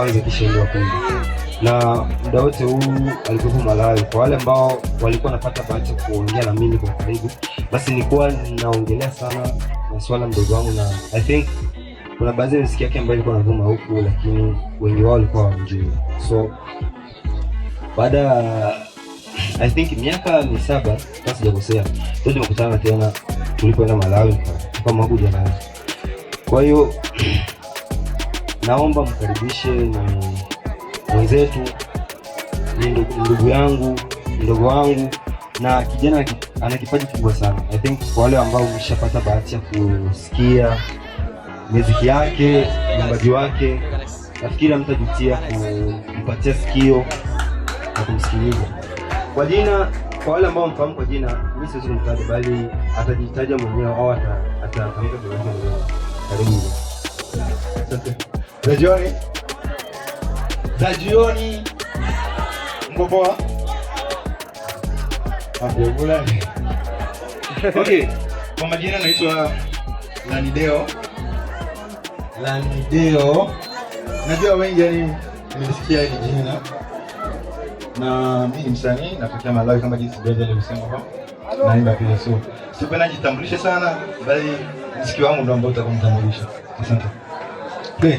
kwanza kisha ile ya pili. Na muda wote huu alikuwa Malawi, kwa wale ambao walikuwa wanapata bahati kuongea na mimi kwa karibu, basi nilikuwa ninaongelea sana masuala mdogo wangu, na I think kuna baadhi ya muziki yake ambayo ilikuwa navuma huku, lakini wengi wao walikuwa hawamjui. So baada ya I think miaka ni misaba kama sijakosea, ndio tumekutana tena tulipoenda Malawi kwa mwaka jana. Kwa hiyo naomba mkaribishe wenzetu, ndugu yangu, mdogo wangu na kijana ana kipaji kikubwa sana. I think kwa wale ambao mshapata bahati ya kusikia muziki yake, mwimbaji wake, nafikiri mtajutia kumpatia sikio na kumsikiliza. Kwa jina, kwa wale ambao mfahamu kwa jina, mimi siwezi kumtaja, bali atajitaja mwenyewe au atatamka. Karibu za jioni za jioni, mko poa? Okay, kwa majina naitwa Lanideo. Lanideo, najua wengi yani nimesikia hili jina, na mimi ni msanii natokea Malawi kama jinsi brother alivyosema hapo, naimba pia, so sipenda jitambulishe sana, bali msikio wangu ndio ambao utakumtambulisha. Asante. Okay.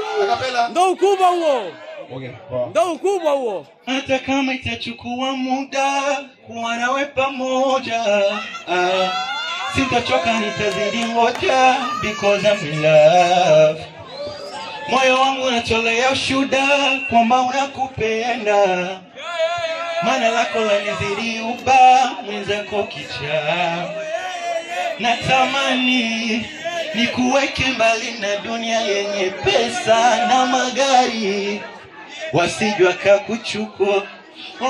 Ndo ukubwa huo. Ndo ukubwa huo. Hata kama itachukua muda kuwa nawe pamoja, ah, sitachoka, nitazidi moja because I'm in love. Moyo wangu unatolea shuda kwamba unakupenda, mana lako lanizidi uba, mwenzako kicha natamani nikuweke mbali na dunia yenye pesa na magari, wasijwa kakuchukua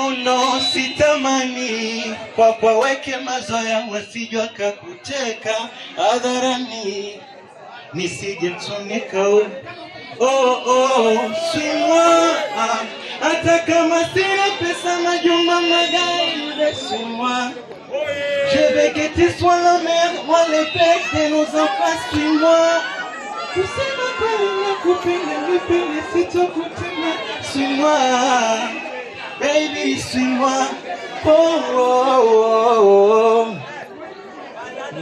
uno oh, sitamani kwa kwa weke mazoya, wasijwa kakuteka hadharani, nisije mtunika oh, oh, sumwa hata kama sina pesa, majumba, magari, sumwa oh, yeah. que tu sois la mer, moi les de nos enfants suis moi. Tu sais m'a a coupé, les meubles, si tout continues, Suis-moi, baby, suis-moi. Oh, oh, oh, oh.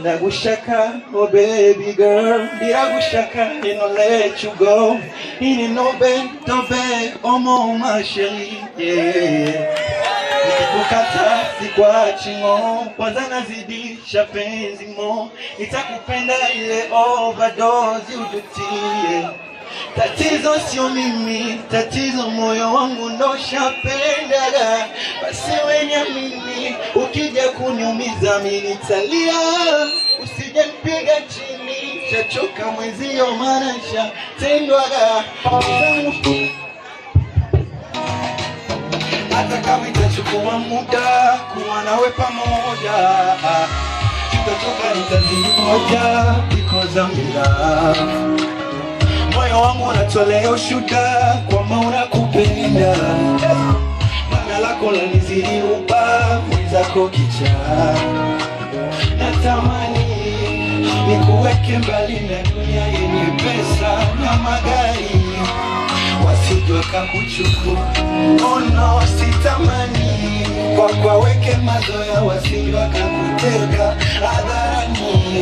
Nagushaka, oh baby girl, Nagushaka, et non let you go. Il est no bête, no bête, oh mon ma chérie, yeah. Kukata sikwachi ng'o, kwanza nazidisha penzi mo, nitakupenda ile overdose ujutie. Tatizo sio mimi, tatizo moyo wangu ndo Basi we niamini, ukija kuniumiza minitalia nitalia, usije mpiga chini, chachoka mwenzio maana shatendwaga hata kama itachukua muda kuwa nawe pamoja, tutatoka nitazidi moja because I'm Moyo wangu unatolea ushuda kwa maana kupenda mana lako la nizidi uba mwenzako kicha natamani nikuweke mbali na dunia yenye pesa na magari wasije wakakuchukua. Ono oh sitamani kwa kwaweke mazoya wasije wakakuteka hadharani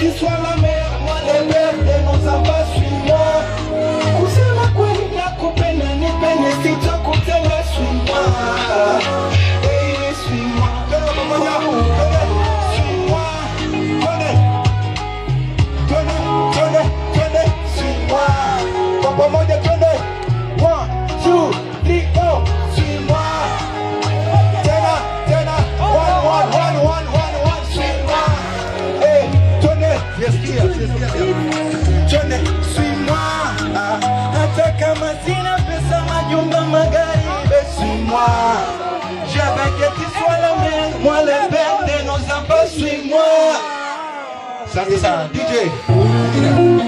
qui soit la mère, les pères de nos abats suis-moi. Kusema kweli nakupenda, nipende, sitakutenda, suis-moi. hata kama sina pesa, majumba, magari, baisse-moi. J'avais que tu mwale la mère, moi le père de nos DJ.